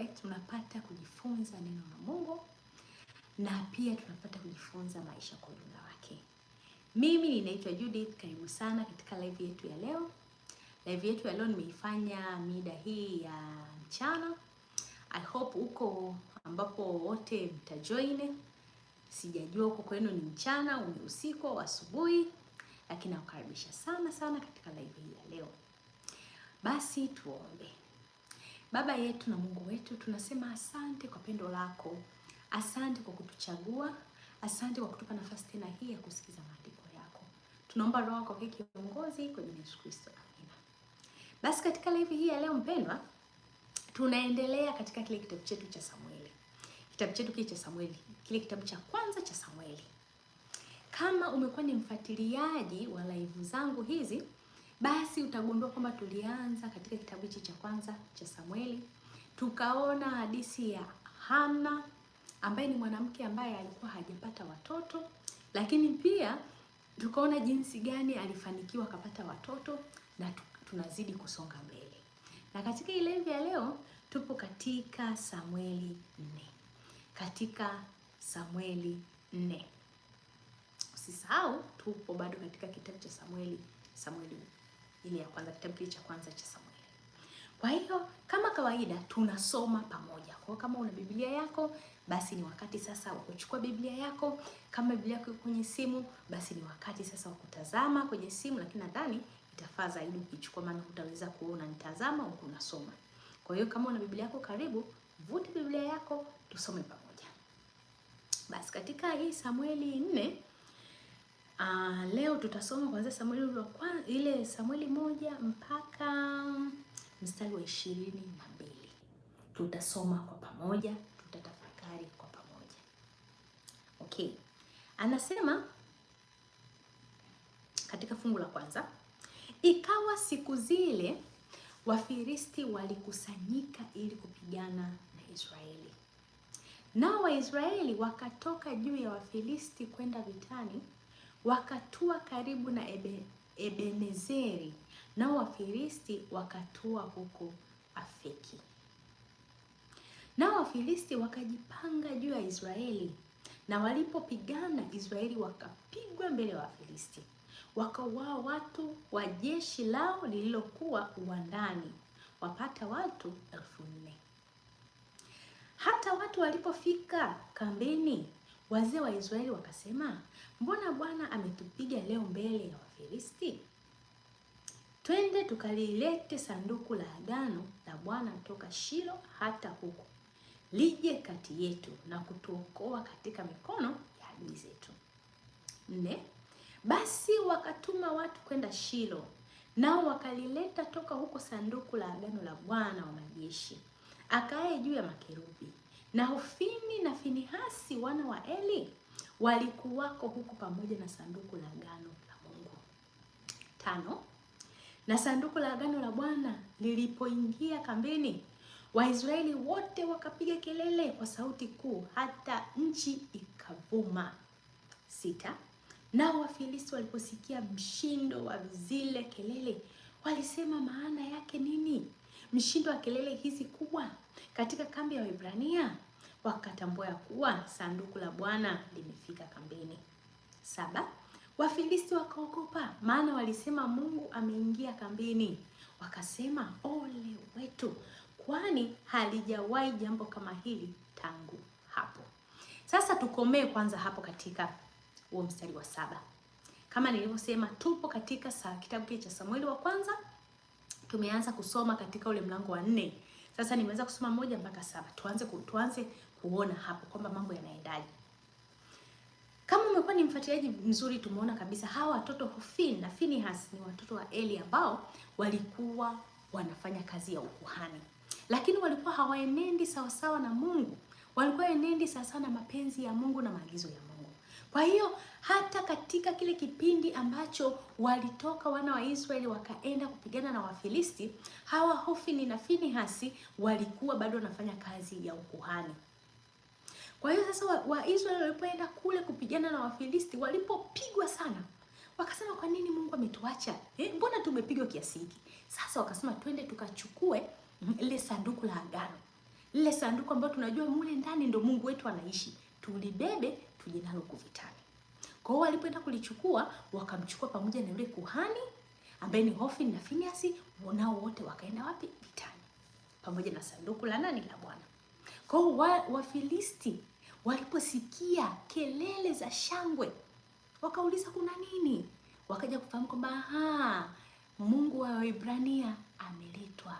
wenyewe tunapata kujifunza neno la Mungu na pia tunapata kujifunza maisha kwa ujumla wake. Mimi ninaitwa Judith, karibu sana katika live yetu ya leo. Live yetu ya leo nimeifanya mida hii ya mchana. I hope huko ambapo wote mtajoin. Sijajua uko kwenu ni mchana, usiku au asubuhi, lakini nakukaribisha sana sana katika live hii ya leo. Basi tuombe. Baba yetu na Mungu wetu, tunasema asante kwa pendo lako, asante kwa kutuchagua, asante kwa kutupa nafasi tena hii ya kusikiza maandiko yako. Tunaomba roho yako kiongozi kwenye Yesu Kristo, amina. Basi katika live hii ya leo mpendwa, tunaendelea katika kile kitabu chetu cha Samueli, kitabu chetu kile cha Samueli, kile kitabu cha kwanza cha Samueli. Kama umekuwa ni mfuatiliaji wa live zangu hizi basi utagundua kwamba tulianza katika kitabu hichi cha kwanza cha Samueli, tukaona hadithi ya Hana ambaye ni mwanamke ambaye alikuwa hajapata watoto, lakini pia tukaona jinsi gani alifanikiwa akapata watoto na tunazidi kusonga mbele. Na katika ile ya leo tupo katika Samueli nne, katika Samueli nne. Usisahau tupo bado katika kitabu cha Samueli, Samueli ile ya kwanza, kitabu cha kwanza cha Samueli. Kwa hiyo kama kawaida tunasoma pamoja. Kwa kama una Biblia yako, basi ni wakati sasa wa kuchukua Biblia yako. Kama Biblia yako kwenye simu, basi ni wakati sasa wa kutazama kwenye simu, lakini nadhani itafaa zaidi ukichukua, maana utaweza kuona nitazama huko unasoma. Kwa hiyo kama una Biblia yako karibu, vute Biblia yako tusome pamoja. Basi katika hii Samueli nne Uh, leo tutasoma kwanza Samueli wa kwanza ile Samueli moja mpaka mstari wa ishirini na mbili. Tutasoma kwa pamoja, tutatafakari kwa pamoja. Okay. Anasema katika fungu la kwanza, ikawa siku zile Wafilisti walikusanyika ili kupigana na Israeli. Nao Waisraeli wakatoka juu ya Wafilisti kwenda vitani Wakatua karibu na Ebe, Ebenezeri, nao Wafilisti wakatua huko Afeki. Nao Wafilisti wakajipanga juu ya Israeli, na walipopigana Israeli wakapigwa mbele ya Wafilisti, wakauawa watu wa jeshi lao lililokuwa uwandani, wapata watu elfu nne. Hata watu walipofika kambini Wazee wa Israeli wakasema, mbona Bwana ametupiga leo mbele ya Wafilisti? Twende tukalilete sanduku la agano la Bwana toka Shilo hata huko, lije kati yetu na kutuokoa katika mikono ya adui zetu. Nne, basi wakatuma watu kwenda Shilo, nao wakalileta toka huko sanduku la agano la Bwana wa majeshi akaye juu ya makerubi na Hofni na finihasi wana wa Eli walikuwako huku pamoja na sanduku la agano la Mungu. Tano, na sanduku la agano la Bwana lilipoingia kambini, Waisraeli wote wakapiga kelele kwa sauti kuu hata nchi ikavuma. Sita, nao Wafilisti waliposikia mshindo wa zile kelele walisema, maana yake nini? mshindo wa kelele hizi kubwa katika kambi ya Waebrania wakatambua ya kuwa sanduku la Bwana limefika kambini. Saba, Wafilisti wakaogopa, maana walisema Mungu ameingia kambini. Wakasema, ole wetu, kwani halijawahi jambo kama hili tangu hapo. Sasa tukomee kwanza hapo katika huo mstari wa saba. Kama nilivyosema, tupo katika kitabu kile cha Samueli wa kwanza Tumeanza kusoma katika ule mlango wa nne. Sasa nimeweza kusoma moja mpaka saba. Tuanze ku, tuanze kuona hapo kwamba mambo yanaendaje. Kama umekuwa ni mfuatiliaji mzuri, tumeona kabisa hawa watoto Hofni na Finihas ni watoto wa Eli ambao walikuwa wanafanya kazi ya ukuhani, lakini walikuwa hawaenendi sawasawa na Mungu, walikuwa enendi sawasawa na mapenzi ya Mungu na maagizo ya Mungu. Kwa hiyo hata katika kile kipindi ambacho walitoka wana wa Israeli wakaenda kupigana na Wafilisti, hawa Hofni na Finehasi walikuwa bado wanafanya kazi ya ukuhani. Kwa hiyo sasa Waisraeli wa walipoenda kule kupigana na Wafilisti, walipopigwa sana wakasema kwa nini Mungu ametuacha? Eh, mbona tumepigwa kiasi hiki? Sasa wakasema twende tukachukue lile sanduku la agano, lile sanduku ambalo tunajua mule ndani ndo Mungu wetu anaishi, tulibebe tuje nalo kuvitani. Kwa hiyo walipoenda kulichukua, wakamchukua pamoja na yule kuhani ambaye ni Hofni na Finiasi, nao wote wakaenda wapi? Vitani, pamoja na sanduku la nani? La Bwana. Kwa hiyo wa, Wafilisti waliposikia kelele za shangwe, wakauliza kuna nini? Wakaja kufahamu kwamba Mungu wa waibrania ameletwa.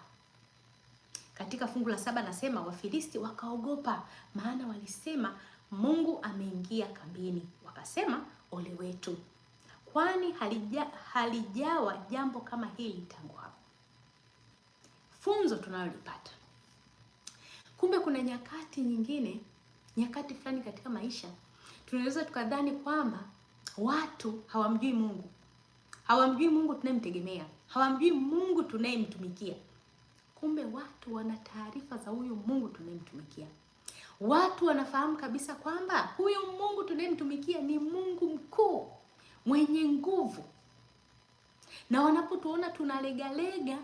Katika fungu la saba nasema Wafilisti wakaogopa, maana walisema Mungu ameingia kambini, wakasema ole wetu, kwani halija, halijawa jambo kama hili tangu hapo. Funzo tunalolipata kumbe, kuna nyakati nyingine, nyakati fulani katika maisha tunaweza tukadhani kwamba watu hawamjui Mungu, hawamjui Mungu tunayemtegemea, hawamjui Mungu tunayemtumikia. Kumbe watu wana taarifa za huyu Mungu tunayemtumikia watu wanafahamu kabisa kwamba huyu Mungu tunayemtumikia ni Mungu mkuu mwenye nguvu, na wanapotuona tunalegalega,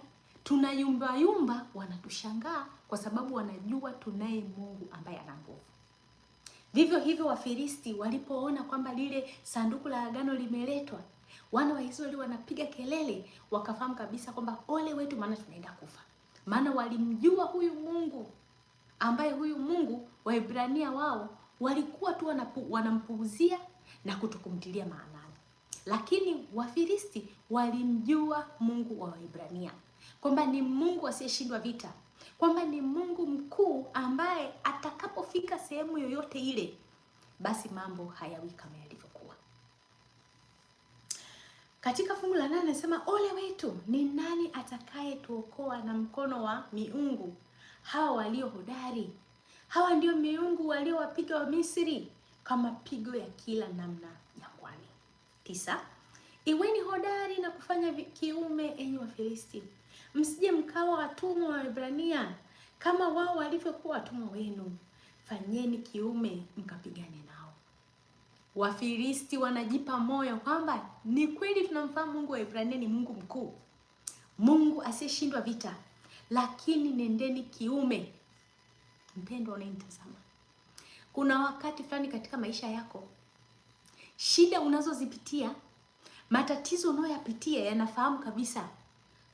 tunayumbayumba, wanatushangaa kwa sababu wanajua tunaye Mungu ambaye ana nguvu. Vivyo hivyo, Wafilisti walipoona kwamba lile sanduku la agano limeletwa, wana wa Israeli wanapiga kelele, wakafahamu kabisa kwamba ole wetu, maana tunaenda kufa, maana walimjua huyu Mungu ambaye huyu Mungu Waebrania wao walikuwa tu wanampuuzia na kutokumtilia maanani, lakini Wafilisti walimjua Mungu wa Waebrania kwamba ni Mungu asiyeshindwa vita, kwamba ni Mungu mkuu ambaye atakapofika sehemu yoyote ile, basi mambo hayawi kama yalivyokuwa. Katika fungu la nane anasema, ole wetu ni nani atakayetuokoa na mkono wa miungu hawa walio hodari, hawa ndio miungu waliowapiga wa Misri kama pigo ya kila namna jangwani. Tisa, iweni hodari na kufanya kiume, enyi Wafilisti, msije mkawa watumwa wa Ibrania kama wao walivyokuwa watumwa wenu. Fanyeni kiume mkapigane nao. Wafilisti wanajipa moyo kwamba ni kweli tunamfahamu Mungu wa Ibrania ni Mungu mkuu, Mungu asiyeshindwa vita, lakini nendeni kiume. Mpendo unayenitazama, kuna wakati fulani katika maisha yako, shida unazozipitia, matatizo unayoyapitia, yanafahamu kabisa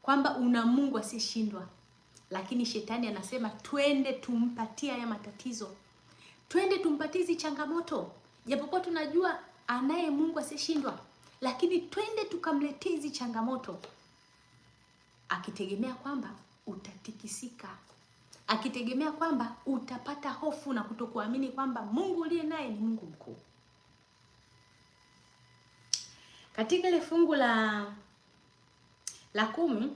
kwamba una Mungu asiyeshindwa, lakini shetani anasema twende tumpatie haya matatizo, twende tumpatie hizi changamoto, japokuwa tunajua anaye Mungu asiyeshindwa, lakini twende tukamletea hizi changamoto akitegemea kwamba utatikisika, akitegemea kwamba utapata hofu na kutokuamini kwamba Mungu uliye naye ni Mungu mkuu. Katika ile fungu la la kumi,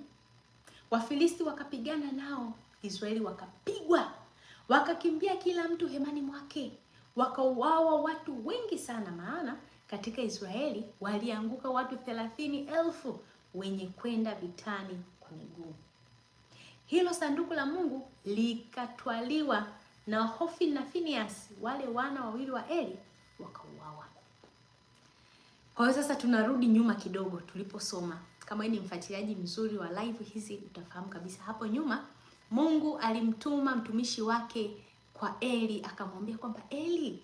Wafilisti wakapigana nao, Israeli wakapigwa, wakakimbia kila mtu hemani mwake, wakauawa watu wengi sana, maana katika Israeli walianguka watu thelathini elfu wenye kwenda vitani kwa miguu hilo sanduku la Mungu likatwaliwa na Hofni na Finehasi, wale wana wawili wa Eli wakauawa. Kwa hiyo sasa tunarudi nyuma kidogo tuliposoma. Kama wewe ni mfuatiliaji mzuri wa live hizi utafahamu kabisa hapo nyuma Mungu alimtuma mtumishi wake kwa Eli akamwambia kwamba Eli,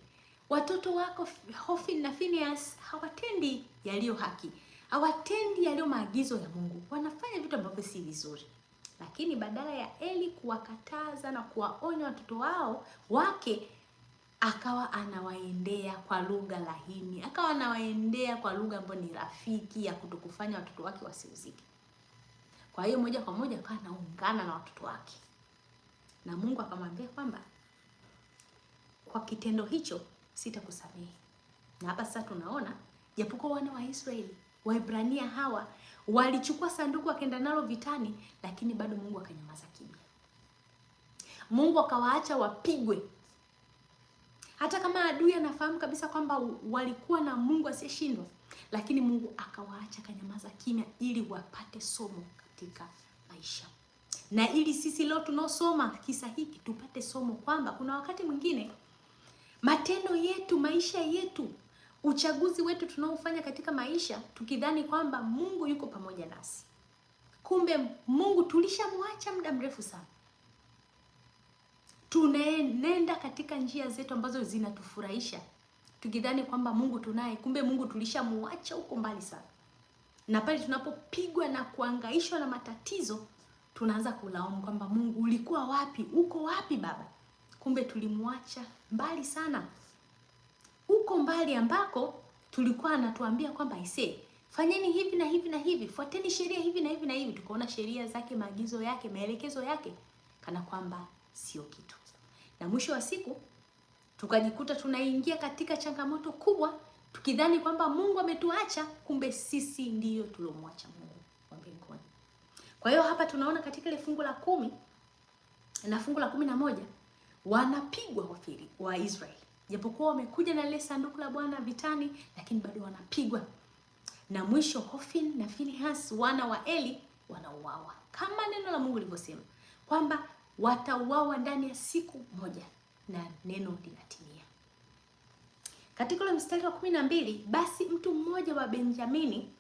watoto wako Hofni na Finehasi hawatendi yaliyo haki, hawatendi yaliyo maagizo ya Mungu, wanafanya vitu ambavyo si vizuri. Lakini badala ya Eli kuwakataza na kuwaonya watoto wao wake, akawa anawaendea kwa lugha lahini, akawa anawaendea kwa lugha ambayo ni rafiki ya kutokufanya watoto wake wasiuzike. Kwa hiyo moja kwa moja akawa anaungana na watoto wake, na Mungu akamwambia kwamba kwa kitendo hicho sitakusamehe. Na hapa sasa tunaona japokuwa wana wa Israeli Waibrania hawa Walichukua sanduku akaenda nalo vitani, lakini bado Mungu akanyamaza kimya. Mungu akawaacha wapigwe, hata kama adui anafahamu kabisa kwamba walikuwa na Mungu asiyeshindwa, lakini Mungu akawaacha akanyamaza kimya, ili wapate somo katika maisha na ili sisi leo tunaosoma kisa hiki tupate somo kwamba kuna wakati mwingine matendo yetu, maisha yetu uchaguzi wetu tunaofanya katika maisha, tukidhani kwamba Mungu yuko pamoja nasi, kumbe Mungu tulishamwacha muda mrefu sana. Tunaenenda katika njia zetu ambazo zinatufurahisha, tukidhani kwamba Mungu tunaye, kumbe Mungu tulishamwacha huko mbali sana. Na pale tunapopigwa na kuangaishwa na matatizo, tunaanza kulaumu kwamba Mungu, ulikuwa wapi? Uko wapi Baba? Kumbe tulimwacha mbali sana huko mbali ambako tulikuwa anatuambia kwamba ise fanyeni hivi na hivi na hivi, fuateni sheria hivi na hivi na hivi, tukaona sheria zake, maagizo yake, maelekezo yake kana kwamba sio kitu, na mwisho wa siku tukajikuta tunaingia katika changamoto kubwa, tukidhani kwamba Mungu ametuacha, kumbe sisi ndiyo tuliomwacha Mungu wa mbinguni. Kwa hiyo hapa tunaona katika ile fungu la kumi na fungu la kumi na moja wanapigwa Israeli japokuwa wamekuja na lile sanduku la Bwana vitani, lakini bado wanapigwa. Na mwisho Hofin na Finehasi wana wa Eli wanauawa kama neno la Mungu lilivyosema kwamba watauawa ndani ya siku moja, na neno linatimia katika ule mstari wa kumi na mbili. Basi mtu mmoja wa Benjamini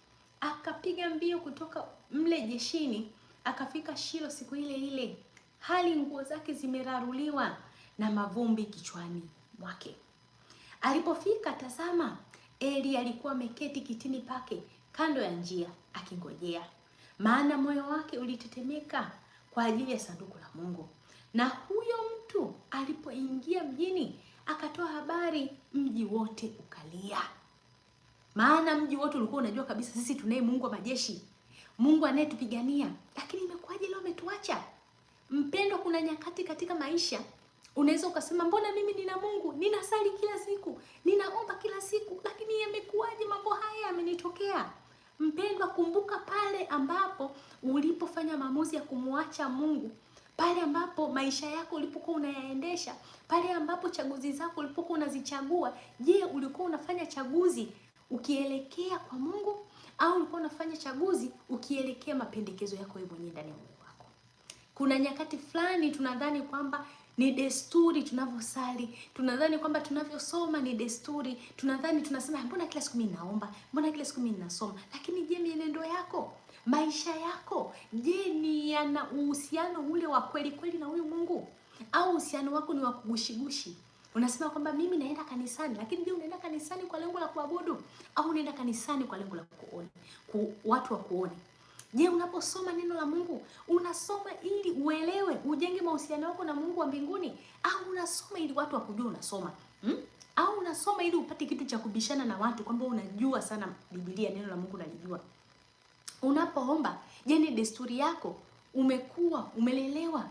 akapiga mbio kutoka mle jeshini akafika Shilo siku ile ile, hali nguo zake zimeraruliwa na mavumbi kichwani mwake. Alipofika tazama, Eli alikuwa ameketi kitini pake kando ya njia akingojea, maana moyo wake ulitetemeka kwa ajili ya sanduku la Mungu. Na huyo mtu alipoingia mjini, akatoa habari, mji wote ukalia. Maana mji wote ulikuwa unajua kabisa, sisi tunaye Mungu wa majeshi, Mungu anayetupigania, lakini imekuwaje leo ametuacha? Mpendo, kuna nyakati katika maisha Unaweza ukasema mbona mimi nina Mungu, ninasali kila siku, ninaomba kila siku, lakini yamekuwaje mambo haya yamenitokea? Mpendwa, kumbuka pale ambapo ulipofanya maamuzi ya kumwacha Mungu, pale ambapo maisha yako ulipokuwa unayaendesha, pale ambapo chaguzi zako ulipokuwa unazichagua. Je, ulikuwa unafanya chaguzi ukielekea kwa Mungu au ulikuwa unafanya chaguzi ukielekea mapendekezo yako wewe mwenyewe ndani ya Mungu wako? Kuna nyakati fulani tunadhani kwamba ni desturi tunavyosali. Tunadhani kwamba tunavyosoma ni desturi, tunadhani tunasema, mbona kila siku mimi naomba, mbona kila siku mimi ninasoma. Lakini je, mienendo yako, maisha yako, je, ni yana uhusiano ule wa kweli kweli na huyu Mungu, au uhusiano wako ni wa kugushigushi? Unasema kwamba mimi naenda kanisani, lakini je, unaenda kanisani kwa lengo la kuabudu au unaenda kanisani kwa lengo la kuona ku, watu wa kuona Je, unaposoma neno la Mungu unasoma ili uelewe, ujenge mahusiano yako na Mungu wa mbinguni, au unasoma ili watu wakujue unasoma hmm? au unasoma ili upate kitu cha kubishana na watu kwamba unajua sana Biblia, neno la Mungu unalijua. Unapoomba, je, ni desturi yako? Umekuwa umelelewa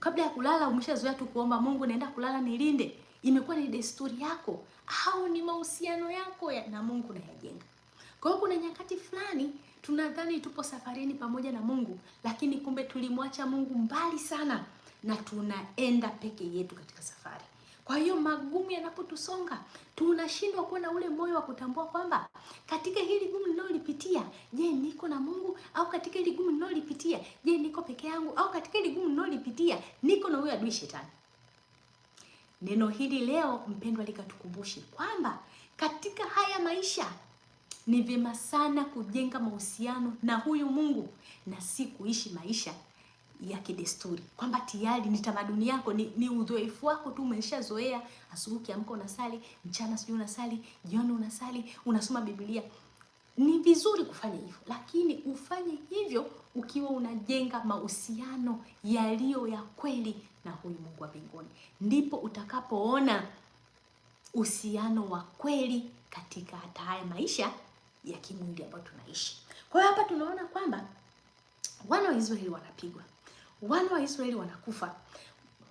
kabla ya kulala, umeshazoea tu kuomba Mungu, naenda kulala nilinde, imekuwa ni desturi yako, au ni mahusiano yako ya na Mungu unayajenga? Kwa hiyo kuna nyakati fulani Tunadhani tupo safarini pamoja na Mungu, lakini kumbe tulimwacha Mungu mbali sana na tunaenda peke yetu katika safari. Kwa hiyo magumu yanapotusonga, tunashindwa kuwa na ule moyo wa kutambua kwamba katika hili gumu ninalolipitia, je, niko na Mungu? Au katika hili gumu ninalolipitia, je, niko peke yangu? Au katika hili gumu ninalolipitia, niko na huyo adui shetani? Neno hili leo mpendwa, likatukumbushe kwamba katika haya maisha ni vyema sana kujenga mahusiano na huyu Mungu na si kuishi maisha ya kidesturi, kwamba tayari ni tamaduni yako, ni, ni udhoefu wako tu umeshazoea. Asubuhi ukiamka unasali, mchana sijui unasali, jioni unasali, unasoma Biblia. Ni vizuri kufanya hivyo, lakini ufanye hivyo ukiwa unajenga mahusiano yaliyo ya kweli na huyu Mungu wa mbinguni, ndipo utakapoona uhusiano wa kweli katika hata haya maisha ya kimwili ambayo tunaishi. Kwa hiyo hapa tunaona kwamba wana wa Israeli wanapigwa, wana wa Israeli wanakufa,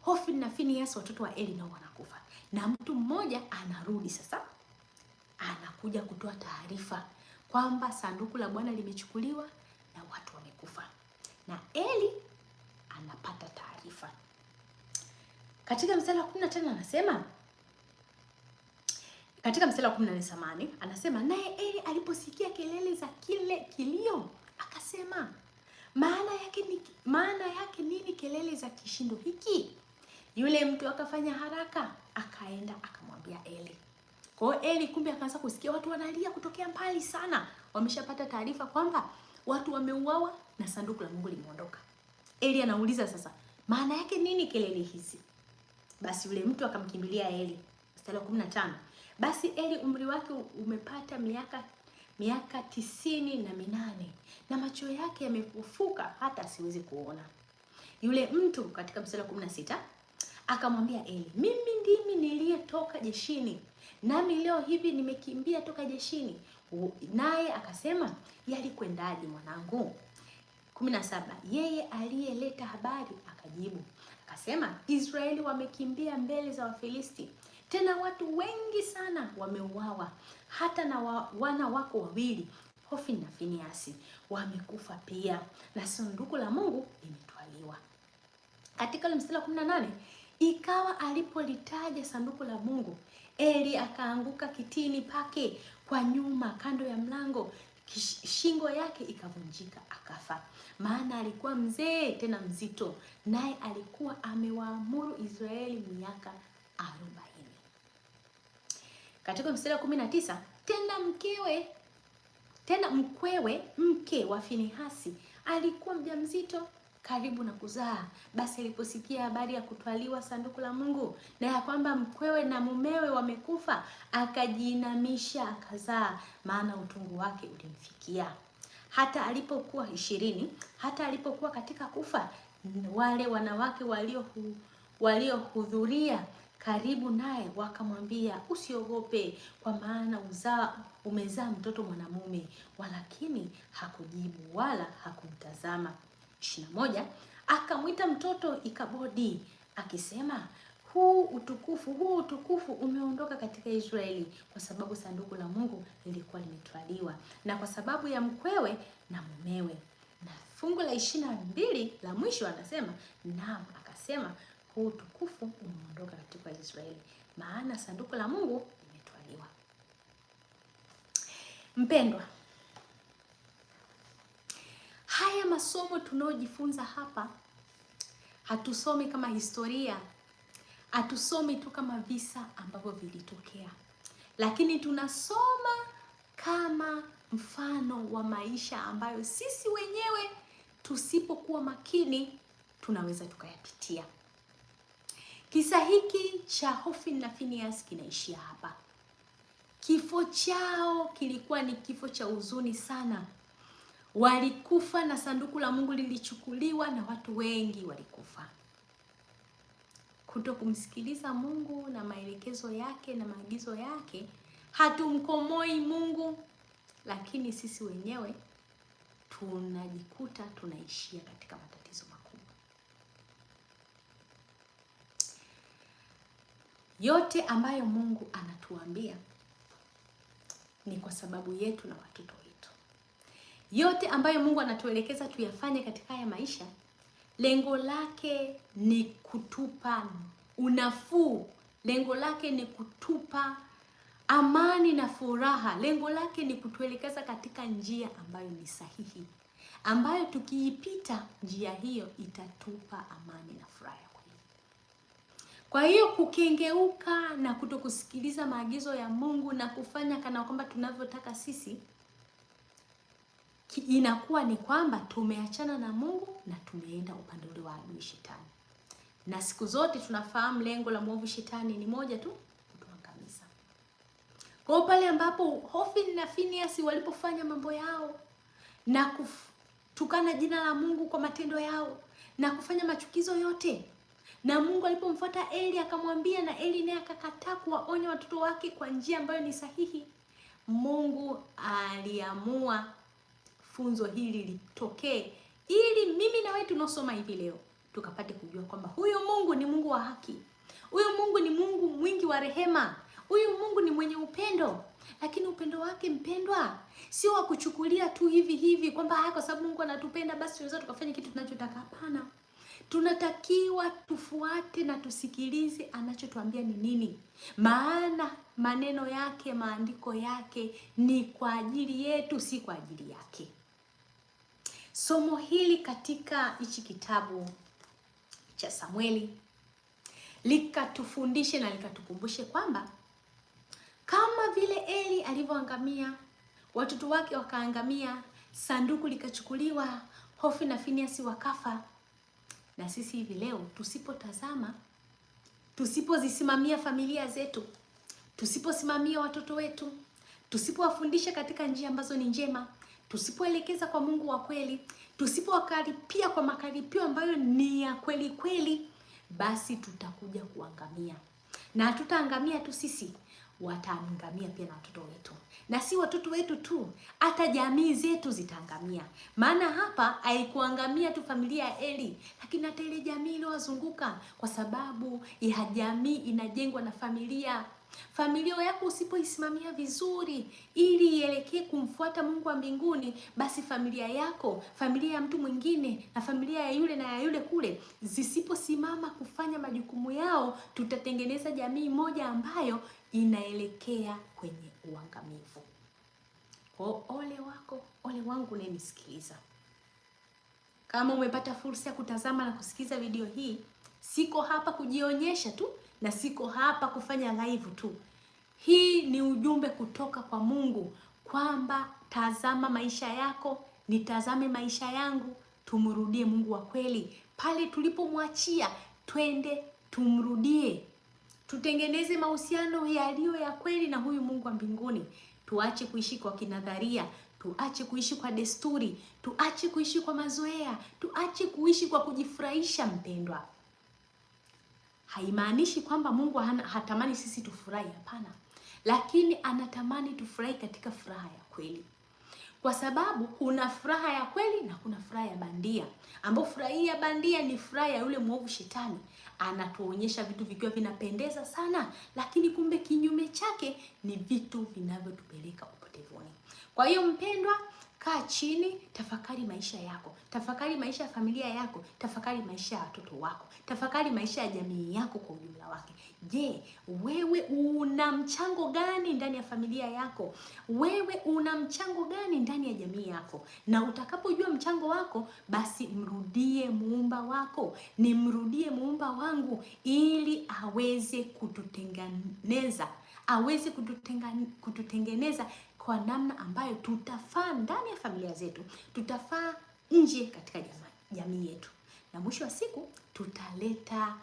Hofni na Finehasi watoto wa Eli nao wanakufa, na mtu mmoja anarudi sasa, anakuja kutoa taarifa kwamba sanduku la Bwana limechukuliwa na watu wamekufa, na Eli anapata taarifa katika mstari wa 15 anasema katika mstari wa 14 samani anasema naye Eli aliposikia kelele za kile kilio akasema, maana yake ni maana yake nini kelele za kishindo hiki? Yule mtu akafanya haraka akaenda akamwambia Eli. Kwa hiyo Eli kumbe akaanza kusikia watu wanalia kutokea mbali sana, wameshapata taarifa kwamba watu wameuawa na sanduku la Mungu limeondoka. Eli anauliza sasa, maana yake nini kelele hizi? Basi yule mtu akamkimbilia Eli. Mstari wa 15 basi Eli umri wake umepata miaka miaka tisini na minane na macho yake yamefufuka hata asiwezi kuona. Yule mtu katika mstari wa kumi na sita akamwambia Eli, mimi ndimi niliyetoka jeshini, nami leo hivi nimekimbia toka jeshini. Naye akasema yalikwendaje mwanangu? kumi na saba yeye aliyeleta habari akajibu akasema, Israeli wamekimbia mbele za Wafilisti tena watu wengi sana wameuawa, hata na wa, wana wako wawili Hofni na Finehasi wamekufa pia, na sanduku la Mungu limetwaliwa. Katika ile mstari wa 18 ikawa alipolitaja sanduku la Mungu, Eli akaanguka kitini pake kwa nyuma kando ya mlango, shingo yake ikavunjika akafa, maana alikuwa mzee tena mzito, naye alikuwa amewaamuru Israeli miaka arobaini katika mstari wa 19, tena mkewe tena mkwewe mke wa Finehasi alikuwa mjamzito karibu na kuzaa. Basi aliposikia habari ya kutwaliwa sanduku la Mungu na ya kwamba mkwewe na mumewe wamekufa, akajiinamisha akazaa, maana utungu wake ulimfikia. Hata alipokuwa ishirini, hata alipokuwa katika kufa, wale wanawake waliohudhuria walio karibu naye wakamwambia, usiogope, kwa maana uzaa umezaa mtoto mwanamume. Walakini hakujibu wala hakumtazama. ishirini na moja. Akamwita mtoto Ikabodi akisema, huu utukufu huu utukufu umeondoka katika Israeli, kwa sababu sanduku la Mungu lilikuwa limetwaliwa, na kwa sababu ya mkwewe na mumewe. Na fungu la ishirini na mbili la mwisho anasema, naam, akasema huu utukufu umeondoka katika Israeli, maana sanduku la Mungu limetwaliwa. Mpendwa, haya masomo tunayojifunza hapa hatusomi kama historia, hatusomi tu kama visa ambavyo vilitokea, lakini tunasoma kama mfano wa maisha ambayo sisi wenyewe tusipokuwa makini tunaweza tukayapitia. Kisa hiki cha Hofni na Phineas kinaishia hapa. Kifo chao kilikuwa ni kifo cha huzuni sana. Walikufa na sanduku la Mungu lilichukuliwa na watu wengi walikufa. Kuto kumsikiliza Mungu na maelekezo yake na maagizo yake, hatumkomoi Mungu, lakini sisi wenyewe tunajikuta tunaishia katika matatizo. Yote ambayo Mungu anatuambia ni kwa sababu yetu na watoto wetu. Yote ambayo Mungu anatuelekeza tuyafanye katika haya maisha, lengo lake ni kutupa unafuu, lengo lake ni kutupa amani na furaha, lengo lake ni kutuelekeza katika njia ambayo ni sahihi, ambayo tukiipita njia hiyo itatupa amani na furaha. Kwa hiyo kukengeuka na kutokusikiliza maagizo ya Mungu na kufanya kana kwamba tunavyotaka sisi, inakuwa ni kwamba tumeachana na Mungu na tumeenda upande ule wa adui shetani. Na siku zote tunafahamu lengo la mwovu shetani ni moja tu, kutuangamiza. Kwa pale ambapo Hofni na Phineas walipofanya mambo yao na kutukana jina la Mungu kwa matendo yao na kufanya machukizo yote na Mungu alipomfuata Eli akamwambia, na Eli naye akakataa kuwaonya watoto wake kwa njia ambayo ni sahihi. Mungu aliamua funzo hili litokee, ili mimi na wewe tunaosoma hivi leo tukapate kujua kwamba huyu Mungu ni Mungu wa haki, huyu Mungu ni Mungu mwingi wa rehema, huyu Mungu ni mwenye upendo. Lakini upendo wake mpendwa, sio wa kuchukulia tu hivi hivi kwamba haya, ah, kwa sababu Mungu anatupenda basi tunaweza tukafanya kitu tunachotaka. Hapana tunatakiwa tufuate na tusikilize anachotuambia ni nini, maana maneno yake, maandiko yake ni kwa ajili yetu, si kwa ajili yake. Somo hili katika hichi kitabu cha samweli likatufundishe na likatukumbushe kwamba kama vile Eli alivyoangamia, watoto wake wakaangamia, sanduku likachukuliwa, Hofu na Finiasi wakafa na sisi hivi leo tusipotazama, tusipozisimamia familia zetu, tusiposimamia watoto wetu, tusipowafundisha katika njia ambazo ni njema, tusipoelekeza kwa Mungu wa kweli, tusipowakaripia kwa makaripio ambayo ni ya kweli kweli, basi tutakuja kuangamia, na hatutaangamia tu sisi wataangamia pia na watoto wetu, na si watoto wetu tu, hata jamii zetu zitaangamia. Maana hapa haikuangamia tu familia ya Eli, lakini hata ile jamii iliyowazunguka, kwa sababu ya jamii inajengwa na familia. Familia yako usipoisimamia vizuri, ili ielekee kumfuata Mungu wa mbinguni, basi familia yako, familia ya mtu mwingine, na familia ya yule na ya yule kule, zisiposimama kufanya majukumu yao, tutatengeneza jamii moja ambayo inaelekea kwenye uangamivu. Kwa ole wako, ole wangu unayenisikiliza. Kama umepata fursa ya kutazama na kusikiza video hii, siko hapa kujionyesha tu na siko hapa kufanya live tu. Hii ni ujumbe kutoka kwa Mungu kwamba tazama maisha yako, nitazame maisha yangu, tumrudie Mungu wa kweli pale tulipomwachia. Twende tumrudie, tutengeneze mahusiano yaliyo ya kweli na huyu Mungu wa mbinguni. Tuache kuishi kwa kinadharia, tuache kuishi kwa desturi, tuache kuishi kwa mazoea, tuache kuishi kwa kujifurahisha. Mpendwa, Haimaanishi kwamba Mungu hatamani sisi tufurahi, hapana, lakini anatamani tufurahi katika furaha ya kweli, kwa sababu kuna furaha ya kweli na kuna furaha ya bandia, ambapo furaha ya bandia ni furaha ya yule mwovu Shetani. Anatuonyesha vitu vikiwa vinapendeza sana, lakini kumbe kinyume chake ni vitu vinavyotupeleka upotevuni. Kwa hiyo mpendwa Kaa chini, tafakari maisha yako, tafakari maisha ya familia yako, tafakari maisha ya watoto wako, tafakari maisha ya jamii yako kwa ujumla wake. Je, wewe una mchango gani ndani ya familia yako? Wewe una mchango gani ndani ya jamii yako? Na utakapojua mchango wako, basi mrudie muumba wako, ni mrudie muumba wangu, ili aweze kututengeneza aweze kututenga, kututengeneza kwa namna ambayo tutafaa ndani ya familia zetu, tutafaa nje katika jamii yetu, na mwisho wa siku tutaleta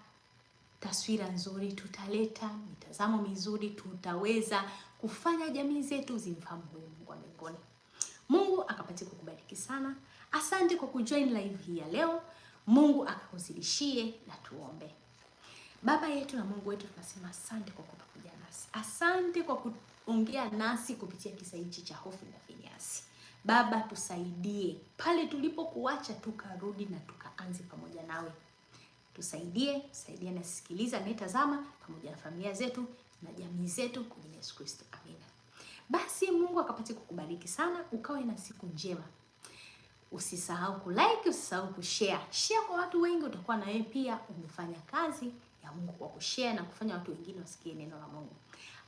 taswira nzuri, tutaleta mitazamo mizuri, tutaweza kufanya jamii zetu zimfahamu huyu Mungu wa mbinguni. Mungu akapatie kukubariki sana. Asante kwa kujoin live hii ya leo. Mungu akakuzidishie, na tuombe. Baba yetu na Mungu wetu, tunasema asante kwa kutukuja Phineas. Asante kwa kuongea nasi kupitia kisa hichi cha hofu na Phineas. Baba, tusaidie pale tulipokuacha, tukarudi na tukaanze pamoja nawe. Tusaidie, tusaidie na tazama pamoja na familia zetu na jamii zetu, kwa jina Yesu Kristo, amina. Basi Mungu akapate kukubariki sana, ukawe na siku njema. Usisahau kulike, usisahau kushare. Share kwa watu wengi, utakuwa na wewe pia umefanya kazi la Mungu kwa kushare na kufanya watu wengine wasikie neno la Mungu.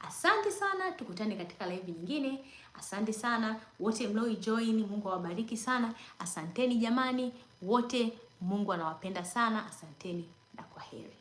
Asante sana, tukutane katika live nyingine. Asante sana wote join, Mungu awabariki sana. Asanteni jamani wote, Mungu anawapenda sana. Asanteni na kwaheri.